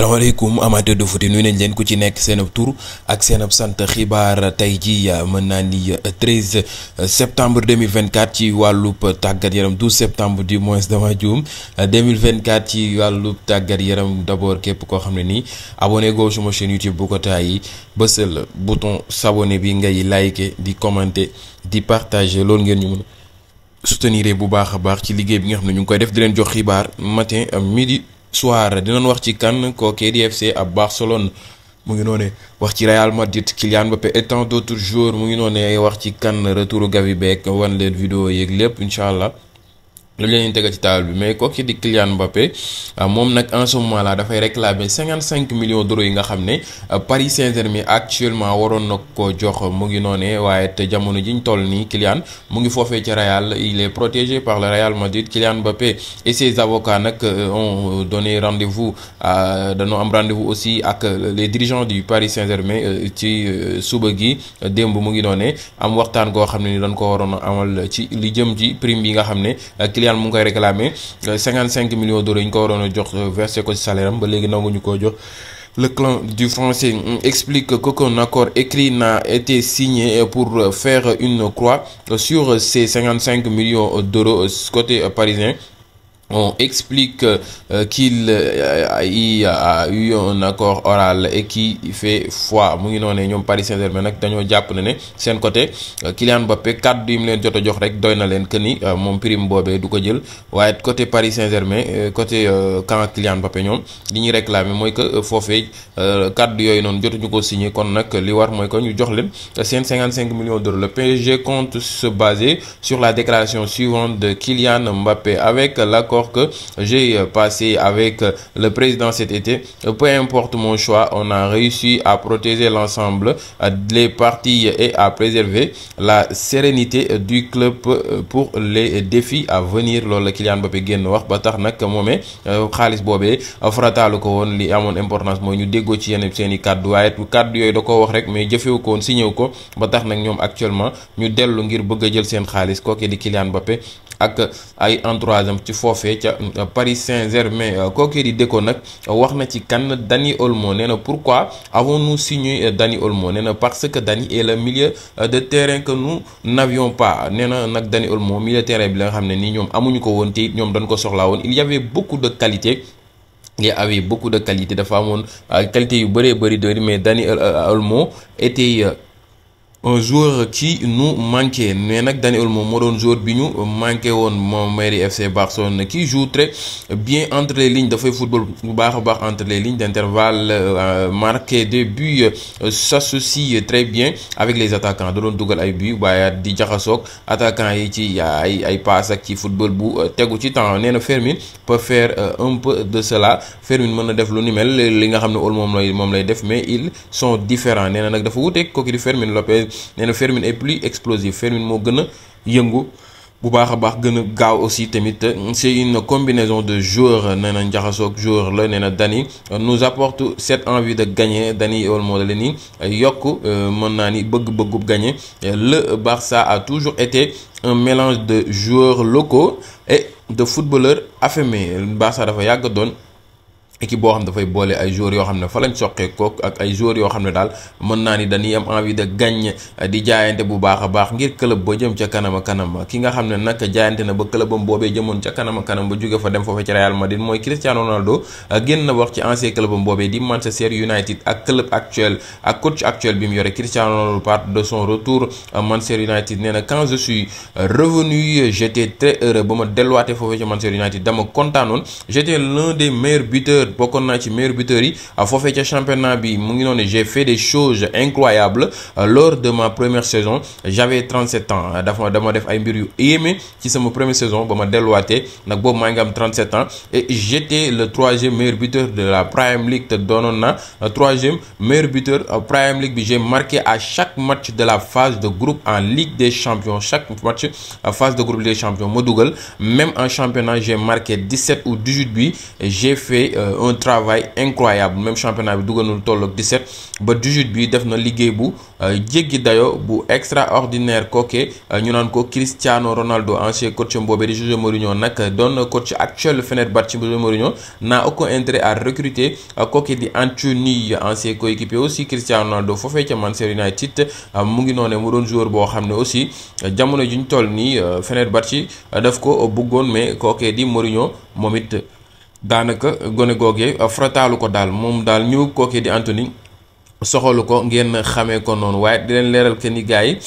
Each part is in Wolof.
salaamaaleykum amateur de foot nuyu leen ku ci nekk seen ab tur ak seen ab sant xibaar tey jii mën naa ni 13 septembre 2024 ci wàllu tàggat yaram 12 septembre du moins dama juum 2024 ci wàllub tàggat yaram d'abord képp koo xam ne nii abonné goo suma chaîne YouTube bu ko taay bësal bouton s'abonner bi ngay liker di commenter di partager loolu ngeen ñu mën soutenir bu baax a baax ci liggéey bi nga xam ne ñu ngi koy def di leen jox xibaar matin midi. soir dinañ wax ci kan kookee di FC ab Barcelone mu ngi noone wax ci Real Madrid Kylian Mbappé et tant d' autres joueurs mu ngi noone wax ci kan retour Gavi beeg wan leen vidéo yéeg lépp incha allah. loolu la ñuy ci table bi mais kooku ci di Kylian Mbappé ah, moom nag en ce moment là dafay réclamer cinquante cinq millions d'euros yi nga xam ne ah, Paris Saint-Germain actuellement waroon na ko jox mu ngi noone waaye te jamono ji ñu toll nii Kylian mu ngi foofee ci Real il est protégé par le Real Madrid Kylian Mbappé et ses nag euh, ont euh, donné rendez-vous dañoo am rendez-vous aussi ak euh, les dirigeants du Paris Saint-Germain ci suba gi démb mu ngi noonee am waxtaan goo xam ne ni dañ ko waroon a amal ci li jëm ci prime yi nga xam ne Viviane mu ngi koy réclamé 55 euh, millions d'euros yi waroon a jox euh, versé ko ci ba léegi nanguñu koo jox. Le clan du français mm, explique qu'aucun accord écrit n'a été signé euh, pour faire une croix sur ces 55 millions côté parisien. On explique euh, qu'il euh, y a eu un accord oral et qui fait foi mu ngi noonee ñoom Paris Saint-Germain nag dañoo jàpp na ne seen côté euh, Kylian Mbappé kàddu yi mu leen jot jox rek doy na leen que ni euh, moom prime boobee du ko jël waaye côté Paris Saint-Germain euh, côté camp Kylian Mbappé ñoom li ñuy réclamer mooy que foofee kàddu yooyu noonu jotuñu ko signé kon nag li war mooy que ñu jox leen seen 55 millions d'euros le PSG compte se baser sur la déclaration suivante de Kylian Mbappé avec accord que j'ai euh, passé avec euh, le président cet été. Euh, peu importe mon choix, on a réussi à protéger l'ensemble des parti et à préserver la sérénité du club pour le défis à venir loolu la Kylian Mbappé génn wax ba tax nag moomee xaalis boobee farataalu ko woon li amoon importance mooy ñu déggoo ci yenn seeni i kàddu waaye kàddu yooyu da ko wax rek mais jëfewu ko woon si ñëw ko ba tax nag ñoom actuellement ñu dellu ngir bëgg jël seen xaalis kooke di Kylian Mbappé ak ay entourage am ci foofe ca mm, Paris Saint-Germain euh, kookee di déko nag wax na ci kan Dani Olmo nee na pourquoi avons-nous signé Dani Olmo nee na parce que Dani est le milieu euh, de terrain que nous n'avions pas nee na nag Dani Olmo milieu de terrain bi la nga xam ne nii ñoom amuñu ko woon te ñoom dañ ko soxlaa woon il y avait de qualité nga avait beaucoup de qualité dafa amoon euh, qualité yu bëree bëri doori mais Dani Olmo était un joueur qui nous manquait mais nag Daniel moom moo doon joueur bi ñu manqué woon moom mairie FC Barcelone qui joue très bien entre a baax entre les lignes d'intervalle euh, marqué euh, très bien avec les attaquants da doon dugal ay buts waaye di jaxasoog attaquants yi ci ay ay passe ak ci bu euh, tegu ci temps nee na Fermin de cela Fermin mën na def lu ni mel li nga xam ne Olmo moom lay moom lay nag dafa wuteeg kooku di Fermin Lopez nee na Fermine est plus explosive Fermine moo gën a yëngu bu baax a baax gën a gaaw aussi tamit c'est une combinaison de joueurs nee na njaxasoog joueur la nee na Dani nous apporte cette envie de gagner Dani Olmo moo da leen ni yokk euh, mën naa ni bëgg-bëggub gagner le Barça a toujours été un mélange de joueurs locaux et de footballeurs affirmés Barça dafa yàgg doon équipe boo xam dafay boole ay joueurs yoo xam ne fa lañ soqee kook ak ay joueurs yoo xam ne daal mën naa ni dañuy am envie di jaayante bu baax a baax ngir club ba jëm ca kanam a ki nga xam ne nag jaayante na ba clubam boobee jëmoon ca kanam a kanam ba jóge fa dem foofa ci Real Madrid mooy Cristiano Ronaldo génn wax ci ancien clubam boobee di Manchester United ak club actuel ak coach actuel bi mu yore Cristiano Ronaldo part de son retour Manchester United nee ma delluwaatee foofu ci Manchester United Club bokkoon naa ci meilleur buteur yi ah, foofee ca championnat bi mu ngi noonu j'ai fait des choses incroyables euh, lors de ma première saison j'avais 37 ans ah, dafa dama def ay mbir yu yéeme ci sama première saison ba ma delluwaatee nag boobu maa ngi am 37 ans et j'étais le troisième meilleur buteur de la Premier League te doonoon na euh, troisième meilleur buteur euh, Premier League bi j'ai marqué à chaque match de la phase de groupe en Ligue des champion chaque match phase de groupe Ligue des ma dugal même en championnat j'ai marqué 17 ou 18 buts j'ai un travail incroyable même championnat bi dugalul toll ak 17 ba du 18 bi def na liggéey bu euh, jéggi dayo bu extraordinaire kooke euh, ñu naan ko Cristiano Ronaldo ancien coach boobee di José Mourinho na doon coach actuel Fenerbahçe José Mourinho n'a aucun intérêt à recruter euh, kooke di Anthony ancien coéquipier aussi Cristiano Ronaldo foofee ca Manchester United mu ngi noonee mu doon joueur boo xam ne aussi jamono juñ toll nii Fenerbahçe daf ko bëggoon mais kooke di Mourinho moom it daanaka gone googe euh, frataalu ko daal moom daal ñëw kookee di Anthony soxalu ko ngeen xamee ko noonu waaye di leen leeral que ni gars yi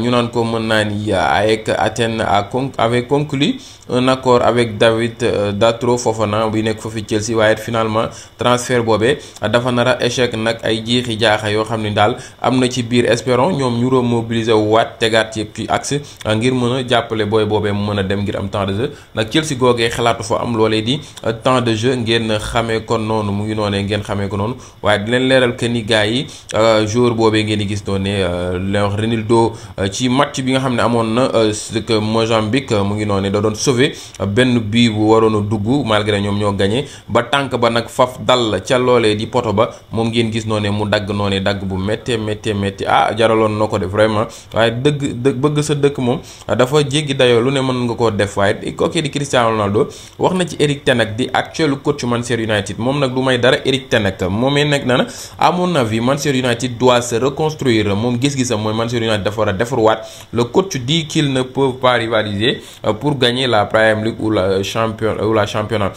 ñu naan ko mën naa ni AEK Athènes a con avait conclu un accord avec David euh, Datro Fofana bi nekk foofu Chelsea waaye finalement transfert boobe dafa nar a échec nag ay jiixi jaaxa yoo xam ne daal am na ci biir espérons ñoom ñu remobiliser waat tegaat yëpp ci axe ngir mën a jàppale booy boobe mu mën a dem ngir am temps de jeu nag Chelsea googee xalaatu fa am loolee di temps de jeu ngeen xamee ko noonu mu ngi noonee ngeen xamee noonu waaye que ni gars yi euh, jour boobee ngeen di gis doon ne euh, Léon Renildo euh, ci match bi nga xam ne amoon na Mozambique mu ngi noonu da doon sauvé benn bii bu waroon a dugg malgré ñoom ñoo gagné ba tànk ba nag faf dal ca loolee di poto ba moom ngeen gis noonu mu dagg noonu dagg bu méttee méttee métti ah jaraloon na ko def vraiment waaye dëgg dëgg bëgg sa dëkk moom dafa jéggi dayoo lu ne mën nga koo def waaye kooku di Cristiano Ronaldo wax na ci Eric Ten Hag di actuel coach Manchester United moom nag du may dara Eric Ten Hag moomee nekk na à mon avis Manchester United doit se reconstruire moom gis-gisam mooy Manchester United dafa war a defarwaat le coach dit qu'ils ne peuvent rivaliser euh, pour gagner la Premier League ou la euh, champion euh, la championnat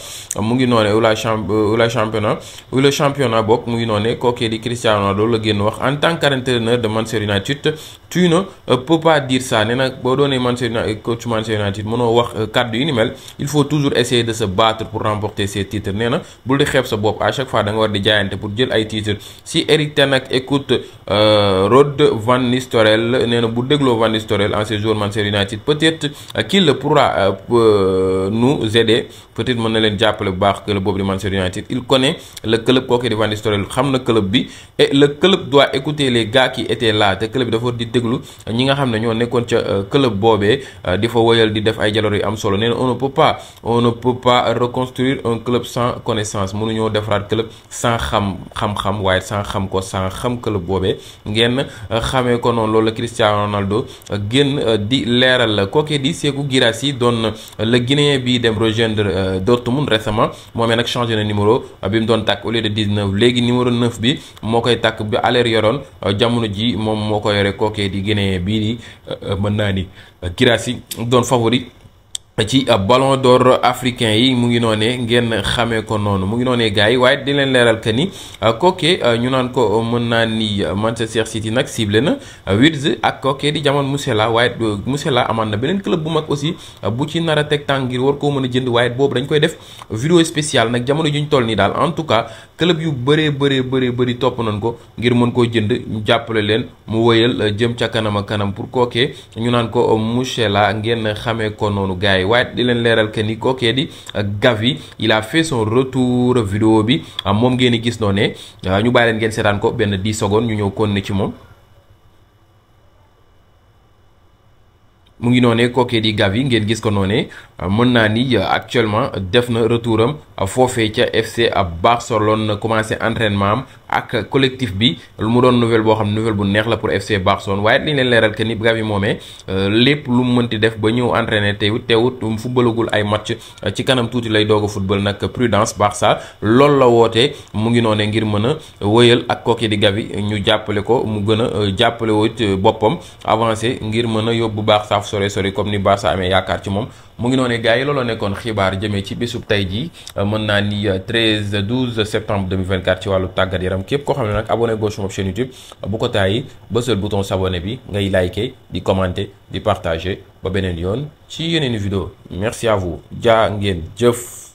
mu ngi noone ou la champ ou la championnat ou championnat bokk mu ngi noone kookee di Cristiano Ronaldo la génn wax en tant qu'entraîneur de Manchester United tu ne peux pas dire ça nee na boo doonee Manchester eh, United mënoo wax eh, kàddu yu ni mel il faut toujours essayer de se battre pour remporter ces titres nee na bul di xeeb sa bopp à chaque fois da nga war di jaayante pour jël ay titres si Eric Ten Hag écoute euh, Rod Van Nistelrooy nee na bu dégloo Van Nistelrooy ancien joueur Manchester United peut-être euh, qu'il pourra euh, nous aider peut-être mën na leen jàppale bu baax club boobu di Manchester United il connaît le club kooku déglu ñi nga xam ne ñoo nekkoon ca euh, club boobee euh, di fa woyal di def ay jaloor yu am solo nee na on ne on ne peut pas reconstruire un club sans connaissance mënuñoo defaraat club sans xam xam-xam waaye sans xam ko sans xam club boobe ngeen euh, xamee ko noonu loolu la Cristiano Ronaldo génn di leeral la kooke di Sékou Guirassy doon la Guinéen bi dem rejoindre Dortmund récemment moomee nag changé na numéro bi mu doon tàkk au lieu de 19 léegi numéro 9 bi moo koy tàkk bi Aller yoroon jamono ji moom moo ko yore di Guinéen bii di euh, mën naa ni euh, Guirassy doon favori ci euh, ballon d'or africain yi mu ngi noonee ngeen xamee ko noonu mu ngi noonee gars yi waaye di leen leeral que ni euh, kooke euh, ñu naan ko mën naa ni Manchester City nag ciblé na Wirtz ak kooke di Jamal Musiala waaye Musiala amaan na beneen club bu mag aussi bu ci nar a teg tàng war koo mën a jënd waaye boobu dañ koy def vidéo spéciale nag jamono ju ñu toll nii daal tout cas club yu bëree bëree bëree bëri topp nañ ko ngir mën koo jënd ñu jàppale leen mu wëyal jëm ca kanam kanam pour kooke ñu naan ko Musiala ngeen xamee ko noonu gars yi Kay di leen leeral que ni kookee di euh, Gavi il a fait son retour vidéo bi moom ngeen gis noonu ne euh, ñu bàyyi leen ngeen seetaan ko benn 10 secondes ñu ñëw kon ne ci moom. mu ngi noonee kookee di Gavi ngeen gis ko noonee euh, mën naa ni euh, actuellement def na retour am euh, foofee ca FC Barcelone commencé entraînement am ak collectif bi lu mu doon nouvelle boo xam nouvelle bu neex la pour FC Barcelone waaye li ñu leen leeral que ni Gavi moomee lépp lu mu mënti def ba ñëw entraîné teewut teewut mu ay match ci kanam tuuti lay doog a football nag prudence Barça loolu la wootee mu ngi noone ngir mën a wëyal ak kookee di Gavi ñu jàppale ko mu gën a jàppale wut boppam avancé ngir mën a yóbbu Barça sore sore comme ni Barça amee yaakaar ci moom mu ngi noonu gars yi looloo nekkoon xibaar jëmee ci bésub tey jii mën naa ni euh, septembre ci wàllu tàggat yaram képp koo xam ne nag abonné goo suma chaîne YouTube bu ko tàyyi bësal bouton s'abonner bi ngay liker di commenter di partager ba beneen yoon ci yeneen vidéo merci à vous jaa jëf